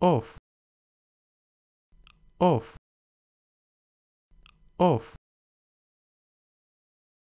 off off off